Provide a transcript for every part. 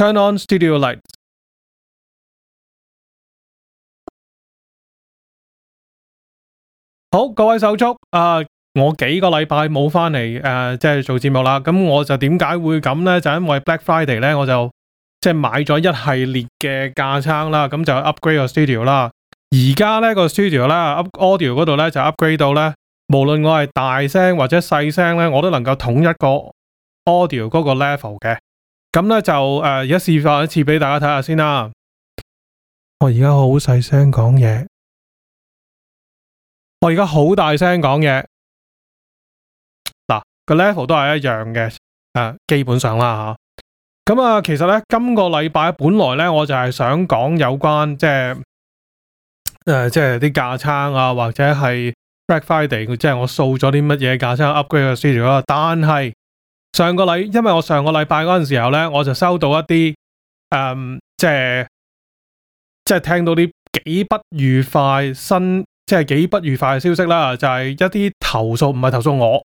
Turn on studio lights。好，各位手足啊、呃！我幾個禮拜冇翻嚟誒，即係做節目啦。咁我就點解會咁呢？就因為 Black Friday 咧，我就即係、就是、買咗一系列嘅架撐啦。咁就 upgrade 個 studio 啦。而家呢個 studio 咧，audio 嗰度咧就 upgrade 到咧，無論我係大聲或者細聲咧，我都能夠統一個 audio 嗰個 level 嘅。咁咧就誒，而、呃、家示範一次俾大家睇下先啦。我而家好細聲講嘢，我而家好大聲講嘢。嗱，個 level 都係一樣嘅，誒、啊，基本上啦吓。咁啊，啊，其實咧今個禮拜本來咧我就係想講有關即係誒，即係啲架撐啊，或者係 Black Friday 即係我掃咗啲乜嘢架撐 upgrade 嘅 situation 啊。但係，上個禮，因為我上個禮拜嗰陣時候咧，我就收到一啲誒、呃，即係即係聽到啲幾不愉快新、新即係幾不愉快嘅消息啦，就係、是、一啲投訴，唔係投訴我，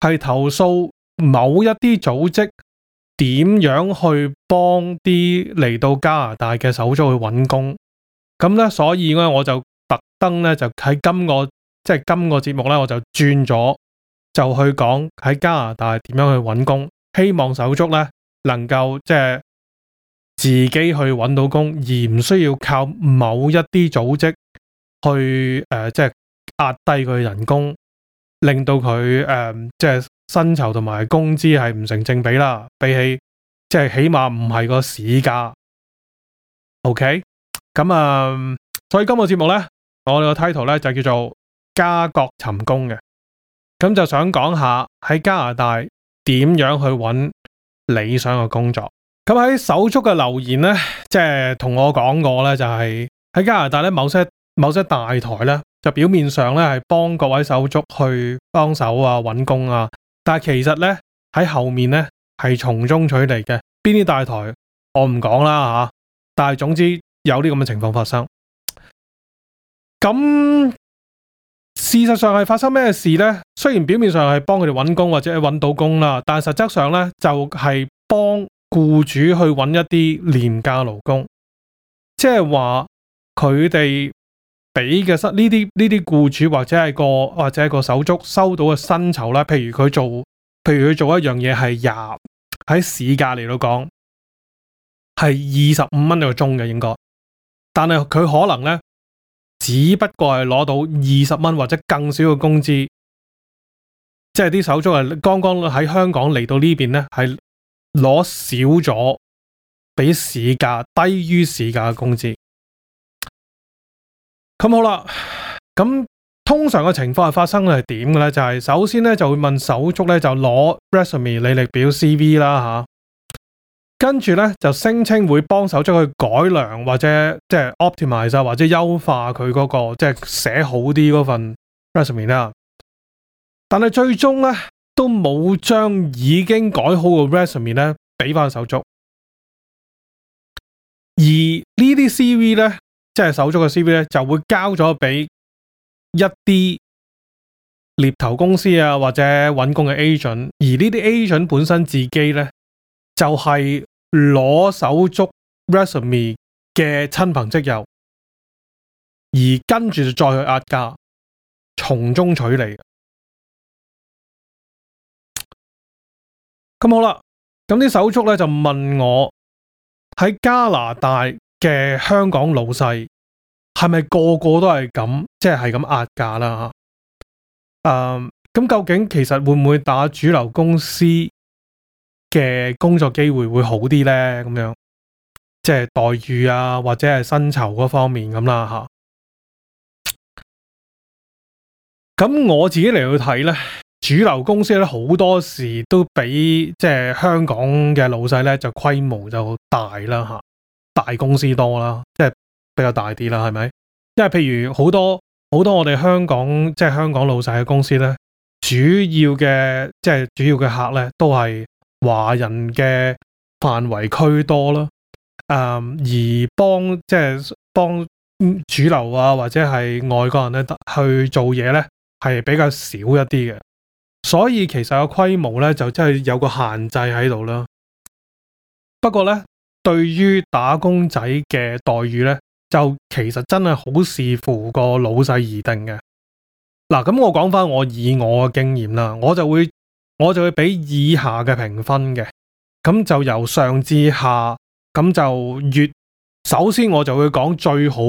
係投訴某一啲組織點樣去幫啲嚟到加拿大嘅手足去搵工。咁咧，所以咧我就特登咧就喺今、這個即係今個節目咧，我就轉咗。就去講喺加拿大點樣去搵工，希望手足咧能夠即係自己去搵到工，而唔需要靠某一啲組織去誒、呃，即係壓低佢人工，令到佢誒、呃、即係薪酬同埋工資係唔成正比啦。比起即係起碼唔係個市價。OK，咁啊、呃，所以今日節目咧，我哋個 title 咧就叫做加國尋工嘅。咁就想講下喺加拿大點樣去揾理想嘅工作。咁喺手足嘅留言呢，即係同我講過呢、就係，就係喺加拿大呢某些某些大台呢，就表面上呢係幫各位手足去幫手啊揾工啊，但係其實呢，喺後面呢係從中取利嘅。邊啲大台我唔講啦吓，但係總之有啲咁嘅情況發生。咁。事實上係發生咩事呢？雖然表面上係幫佢哋揾工或者揾到工啦，但實質上呢，就係、是、幫僱主去揾一啲廉價勞工，即係話佢哋俾嘅呢啲呢啲僱主或者係個或者係個手足收到嘅薪酬呢，譬如佢做，譬如佢做一樣嘢係廿喺市價嚟到講係二十五蚊一個鐘嘅應該，但係佢可能呢。只不過係攞到二十蚊或者更少嘅工資，即係啲手足，係剛剛喺香港嚟到呢邊咧，係攞少咗，比市價低於市價嘅工資。咁好啦，咁通常嘅情況係發生係點嘅咧？就係、是、首先咧就會問手足呢，咧就攞 resume 履歷表 CV 啦嚇。跟住咧就聲稱會幫手足去改良或者即係 optimize 晒或者優化佢嗰個即係寫好啲嗰份 resume 啦，但係最終咧都冇將已經改好個 resume 咧俾翻手足，而呢啲 CV 咧即係手足嘅 CV 咧就會交咗俾一啲獵頭公司啊或者揾工嘅 agent，而呢啲 agent 本身自己咧就係。攞手足 resume 嘅親朋戚友，而跟住就再去壓價，從中取利。咁、 嗯、好啦，咁啲手足咧就問我喺加拿大嘅香港老細係咪個個都係咁，即係係咁壓價啦吓。誒、啊，咁究竟其實會唔會打主流公司？嘅工作機會會好啲咧，咁樣即係待遇啊，或者係薪酬嗰方面咁啦吓。咁、啊、我自己嚟到睇咧，主流公司咧好多時都比即係香港嘅老細咧就規模就大啦吓、啊，大公司多啦，即係比較大啲啦，係咪？即係譬如好多好多我哋香港即係香港老細嘅公司咧，主要嘅即係主要嘅客咧都係。華人嘅範圍區多咯，嗯，而幫即係幫主流啊，或者係外國人咧去做嘢咧，係比較少一啲嘅。所以其實個規模咧就真係有個限制喺度啦。不過咧，對於打工仔嘅待遇咧，就其實真係好視乎個老細而定嘅。嗱，咁我講翻我，以我嘅經驗啦，我就會。我就會俾以下嘅評分嘅，咁就由上至下，咁就越首先我就會講最好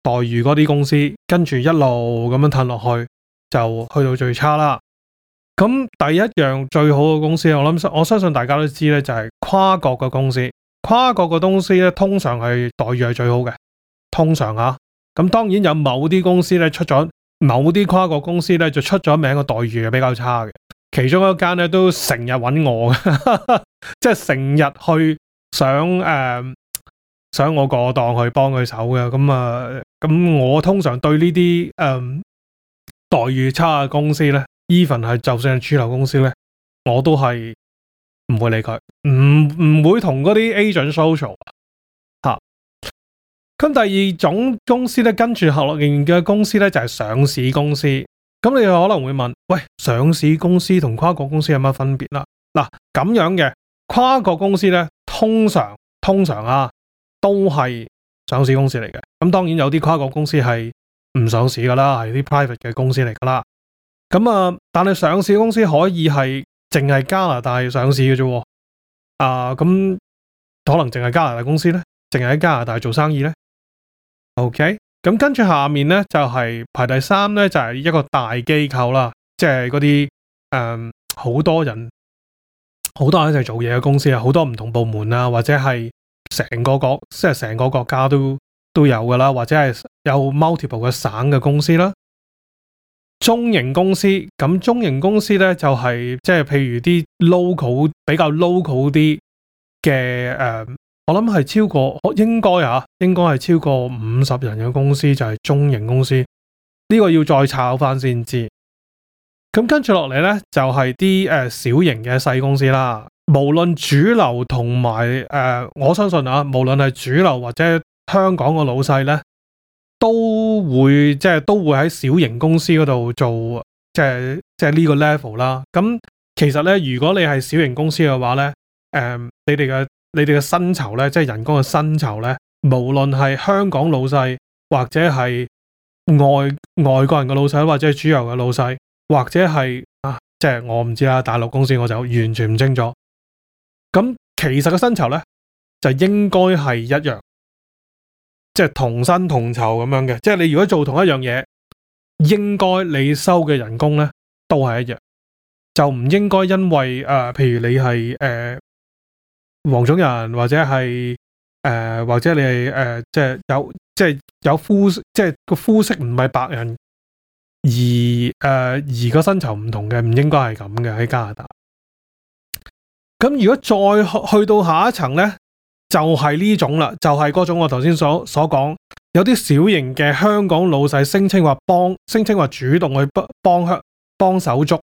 待遇嗰啲公司，跟住一路咁樣褪落去，就去到最差啦。咁第一樣最好嘅公司，我諗我相信大家都知咧，就係、是、跨國嘅公司。跨國嘅公司咧，通常係待遇係最好嘅，通常吓、啊。咁當然有某啲公司咧出咗，某啲跨國公司咧就出咗名嘅待遇係比較差嘅。其中一間咧都成日搵我呵呵，即係成日去想誒、呃，想我過檔去幫佢手嘅。咁、嗯、啊，咁、嗯嗯、我通常對呢啲誒待遇差嘅公司咧，even 係就算係主流公司咧，我都係唔會理佢，唔唔會同嗰啲 agent social 吓、啊，咁第二種公司咧，跟住合作聯嘅公司咧，就係、是、上市公司。咁你可能會問。喂，上市公司同跨國公司有乜分別啦？嗱、啊，咁樣嘅跨國公司咧，通常通常啊，都係上市公司嚟嘅。咁、嗯、當然有啲跨國公司係唔上市噶啦，係啲 private 嘅公司嚟噶啦。咁、嗯、啊，但係上市公司可以係淨係加拿大上市嘅啫。啊，咁、嗯、可能淨係加拿大公司咧，淨係喺加拿大做生意咧。OK，咁、嗯、跟住下面咧就係、是、排第三咧就係、是、一個大機構啦。即係嗰啲誒，好、嗯、多人，好多人一齊做嘢嘅公司啊，好多唔同部門啦，或者係成個國，即係成個國家都都有噶啦，或者係有 multiple 嘅省嘅公司啦。中型公司咁，中型公司咧就係、是、即係譬如啲 local 比較 local 啲嘅誒、嗯，我諗係超過，應該啊，應該係超過五十人嘅公司就係、是、中型公司。呢、這個要再查返先至。咁跟住落嚟咧，就係啲誒小型嘅細公司啦。無論主流同埋誒，我相信啊，無論係主流或者香港嘅老細咧，都會即係、就係、都會喺小型公司嗰度做，即係即係呢個 level 啦。咁、嗯、其實咧，如果你係小型公司嘅話咧，誒、呃、你哋嘅你哋嘅薪酬咧，即、就、係、係、人工嘅薪酬咧，無論係香港老細或者係外外國人嘅老細，或者係主流嘅老細。或者係啊，即係我唔知啦，大陸公司我就完全唔清楚。咁其實個薪酬咧，就應該係一樣，即係同薪同酬咁樣嘅。即係你如果做同一樣嘢，應該你收嘅人工咧都係一樣，就唔應該因為誒、呃，譬如你係誒、呃、黃種人，或者係誒、呃、或者你係誒、呃、即係有即係有膚，即係個膚色唔係白人。而誒、呃、而個薪酬唔同嘅，唔應該係咁嘅喺加拿大。咁如果再去，去到下一層呢，就係、是、呢種啦，就係、是、嗰種我頭先所所講，有啲小型嘅香港老細聲稱話幫，聲稱話主動去幫幫幫手足，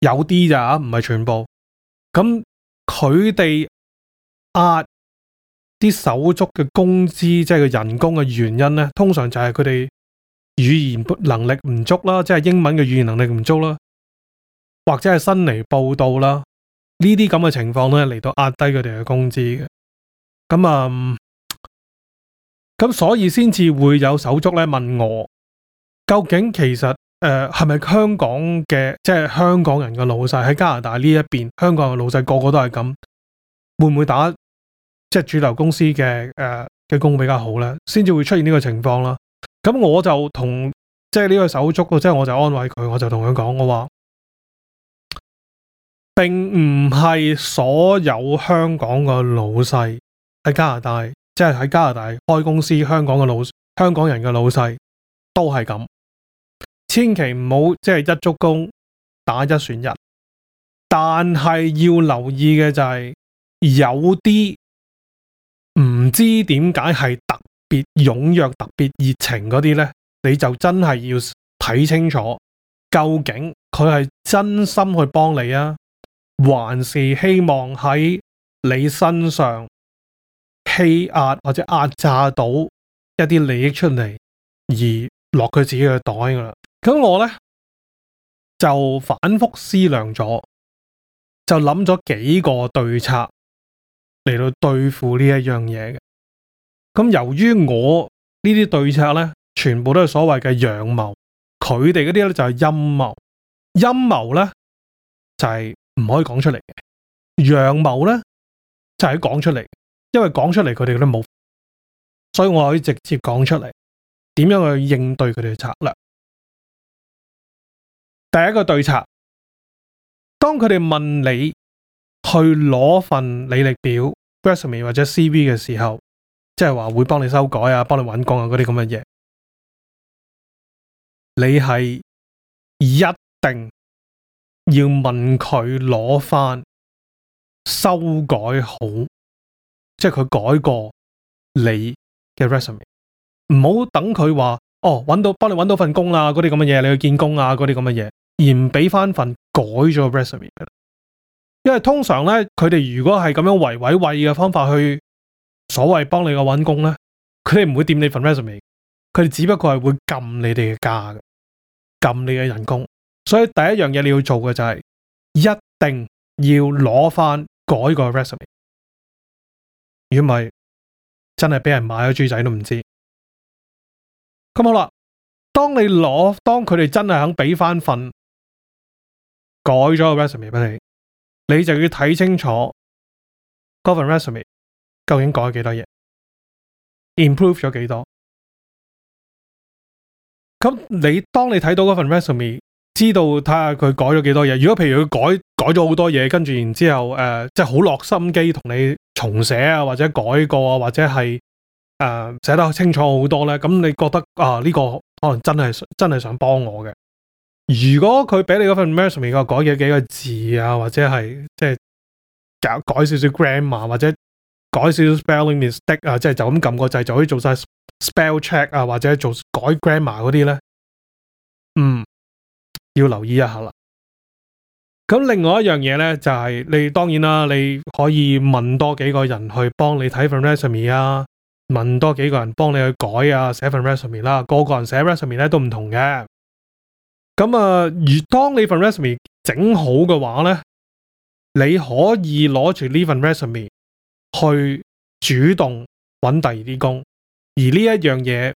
有啲咋，唔係全部。咁佢哋壓啲手足嘅工資，即係個人工嘅原因呢，通常就係佢哋，語言能力唔足啦，即係英文嘅語言能力唔足啦，或者係新嚟報道啦，呢啲咁嘅情況咧嚟到壓低佢哋嘅工資嘅。咁啊，咁、嗯、所以先至會有手足咧問我，究竟其實誒係咪香港嘅即係香港人嘅老細喺加拿大呢一邊，香港嘅老細個個都係咁，會唔會打即係主流公司嘅誒嘅工比較好咧？先至會出現呢個情況啦。咁我就同即係呢個手足，即係我就安慰佢，我就同佢講，我話並唔係所有香港嘅老細喺加拿大，即係喺加拿大開公司，香港嘅老香港人嘅老細都係咁，千祈唔好即係一足功打一選一，但係要留意嘅就係有啲唔知點解係特。別踴躍特別熱情嗰啲咧，你就真係要睇清楚，究竟佢係真心去幫你啊，還是希望喺你身上欺壓或者壓榨到一啲利益出嚟，而落佢自己嘅袋噶啦。咁我咧就反覆思量咗，就諗咗幾個對策嚟到對付呢一樣嘢嘅。咁由於我呢啲對策咧，全部都係所謂嘅陽謀，佢哋嗰啲咧就係陰謀，陰謀咧就係、是、唔可以講出嚟嘅，陽謀咧就係可以講出嚟，因為講出嚟佢哋都冇，所以我可以直接講出嚟點樣去應對佢哋嘅策略。第一個對策，當佢哋問你去攞份履歷表、resume 或者 CV 嘅時候。即係話會幫你修改啊，幫你揾工啊嗰啲咁嘅嘢，你係一定要問佢攞翻修改好即係佢改過你嘅 resume，唔好等佢話哦揾到幫你揾到份工啊，嗰啲咁嘅嘢，你去見工啊，嗰啲咁嘅嘢，而唔俾翻份改咗 resume，因為通常咧佢哋如果係咁樣維維衛嘅方法去，所謂幫你個揾工咧，佢哋唔會掂你份 resume，佢哋只不過係會撳你哋嘅價，撳你嘅人工。所以第一樣嘢你要做嘅就係、是，一定要攞翻改個 resume，如果唔係真係俾人買咗豬仔都唔知。咁、嗯、好啦，當你攞，當佢哋真係肯俾翻份改咗個 resume 俾你，你就要睇清楚嗰份 resume。究竟改咗幾多嘢？Improve 咗幾多？咁你當你睇到嗰份 resume，知道睇下佢改咗幾多嘢？如果譬如佢改改咗好多嘢，跟住然之後誒，即係好落心機同你重寫啊，或者改過啊，或者係誒寫得清楚好多咧，咁你覺得啊呢個可能真係真係想幫我嘅？如果佢俾你嗰份 resume 個改咗幾個字啊，或者係即係改改少少 grammar 或者？改少少 spelling mistake 啊，即係就咁撳個掣就可以做晒 spell check 啊，或者做改 grammar 嗰啲咧。嗯，要留意一下啦。咁另外一樣嘢咧，就係、是、你當然啦，你可以問多幾個人去幫你睇份 resume 啊，問多幾個人幫你去改啊，寫份 resume 啦、啊。個個人寫 resume 咧都唔同嘅。咁啊，如、呃、當你份 resume 整好嘅話咧，你可以攞住呢份 resume。去主動揾第二啲工，而呢一樣嘢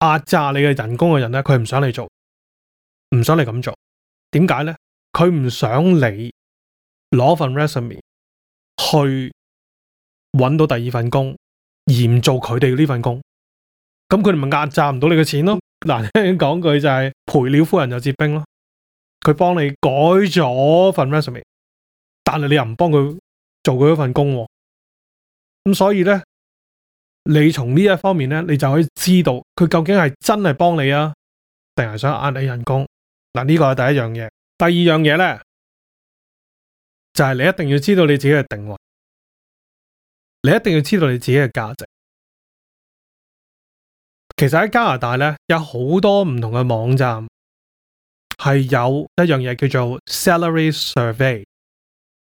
壓榨你嘅人工嘅人咧，佢唔想你做，唔想你咁做，點解咧？佢唔想你攞份 resume 去揾到第二份工，而唔做佢哋呢份工，咁佢哋咪壓榨唔到你嘅錢咯？嗱，難聽啲講句就係、是、賠了夫人又折兵咯。佢幫你改咗份 resume，但係你又唔幫佢做佢嗰份工。咁、嗯、所以咧，你從呢一方面咧，你就可以知道佢究竟係真係幫你啊，定係想呃你人工？嗱，呢個係第一樣嘢。第二樣嘢咧，就係、是、你一定要知道你自己嘅定位，你一定要知道你自己嘅價值。其實喺加拿大咧，有好多唔同嘅網站係有一樣嘢叫做 salary survey，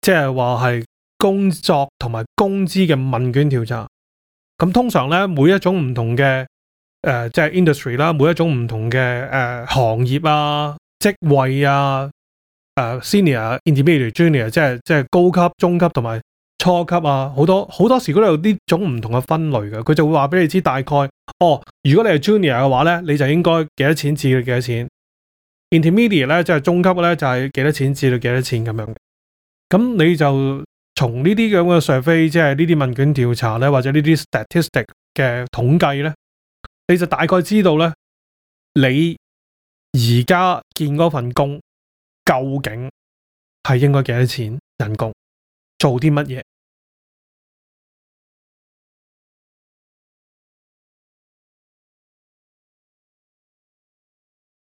即係話係。工作同埋工資嘅問卷調查，咁通常咧，每一種唔同嘅誒，即係 industry 啦，每一種唔同嘅誒行業啊、職位啊、誒 senior、intermediate、junior，即係即係高級、中級同埋初級啊，好多好多時都有呢種唔同嘅分類嘅，佢就會話俾你知大概。哦，如果你係 junior 嘅話咧，你就應該幾多錢至到幾多錢？intermediate 咧，即係中級咧，就係幾多錢至到幾多錢咁樣。咁你就。從呢啲咁嘅上飛，survey，即係呢啲問卷調查咧，或者呢啲 statistic 嘅統計咧，你就大概知道咧，你而家見嗰份工究竟係應該幾多錢人工，做啲乜嘢？